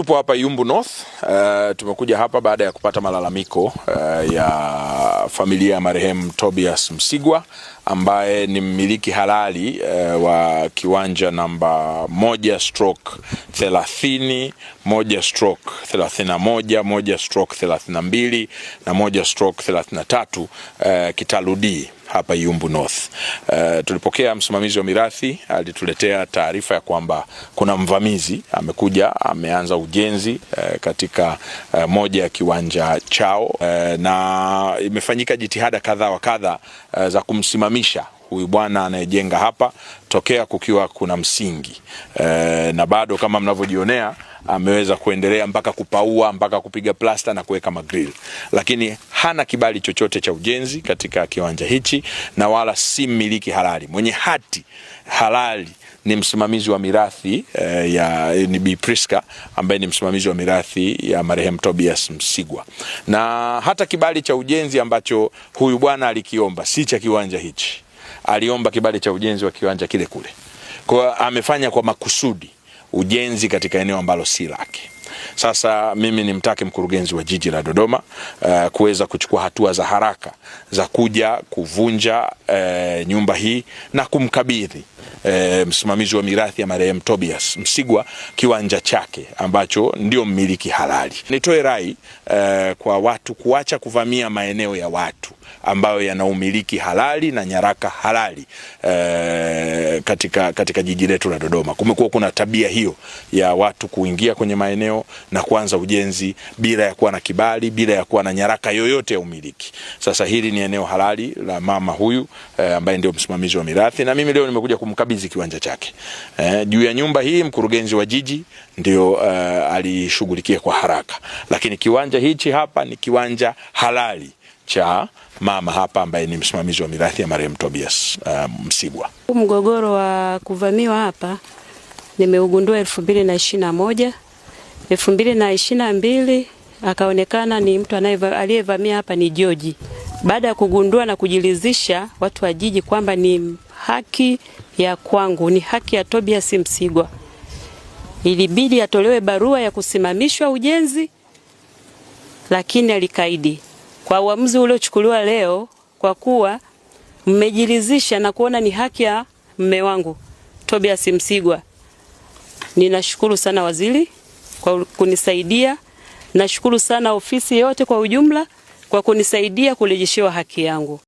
Tupo hapa yumbu North. Uh, tumekuja hapa baada ya kupata malalamiko uh, ya familia ya marehemu tobias Msigwa ambaye ni mmiliki halali uh, wa kiwanja namba moja stroke thelathini, moja stroke thelathini na moja, moja stroke thelathini na mbili na moja stroke thelathini na tatu, uh, kitaludi hapa Yumbu North. Uh, tulipokea msimamizi wa mirathi alituletea taarifa ya kwamba kuna mvamizi amekuja ameanza ujenzi uh, katika uh, moja ya kiwanja chao uh, na imefanyika jitihada kadha wa kadha uh, za kumsimamisha huyu bwana anayejenga hapa tokea kukiwa kuna msingi uh, na bado kama mnavyojionea ameweza kuendelea mpaka kupaua mpaka kupiga plasta na kuweka magrill, lakini hana kibali chochote cha ujenzi katika kiwanja hichi na wala si mmiliki halali. Mwenye hati halali ni msimamizi wa mirathi eh, ya eh, ni Bi Priska ambaye ni msimamizi wa mirathi ya marehemu Tobias Msigwa, na hata kibali cha ujenzi ambacho huyu bwana alikiomba si cha kiwanja hichi, aliomba kibali cha ujenzi wa kiwanja kile kule, kwa amefanya kwa makusudi ujenzi katika eneo ambalo si lake. Sasa mimi nimtake mkurugenzi wa jiji la Dodoma uh, kuweza kuchukua hatua za haraka za kuja kuvunja uh, nyumba hii na kumkabidhi uh, msimamizi wa mirathi ya marehemu Tobias Msigwa kiwanja chake ambacho ndio mmiliki halali. Nitoe rai uh, kwa watu kuacha kuvamia maeneo ya watu ambayo yana umiliki halali na nyaraka halali e, katika, katika jiji letu la Dodoma. Kumekuwa kuna tabia hiyo ya watu kuingia kwenye maeneo na kuanza ujenzi bila ya kuwa na kibali, bila ya kuwa na nyaraka yoyote ya umiliki. Sasa hili ni eneo halali la mama huyu e, ambaye ndio msimamizi wa mirathi na mimi leo nimekuja kumkabidhi kiwanja chake. E, juu ya nyumba hii mkurugenzi wa jiji ndio uh, alishughulikia kwa haraka, lakini kiwanja hichi hapa ni kiwanja halali cha mama hapa ambaye ni msimamizi wa mirathi ya marehemu Tobias uh, Msibwa. Mgogoro wa kuvamiwa hapa nimeugundua elfu mbili na ishirini na moja elfu mbili na ishirini na mbili akaonekana ni mtu aliyevamia hapa ni Joji. Baada ya kugundua na kujiridhisha watu wa jiji kwamba ni haki ya kwangu, ni haki ya Tobias Msigwa, ilibidi atolewe barua ya kusimamishwa ujenzi, lakini alikaidi kwa uamuzi uliochukuliwa leo, kwa kuwa mmejiridhisha na kuona ni haki ya mme wangu Tobias Msigwa. Ninashukuru sana waziri kwa kunisaidia, nashukuru sana ofisi yote kwa ujumla kwa kunisaidia kurejeshewa haki yangu.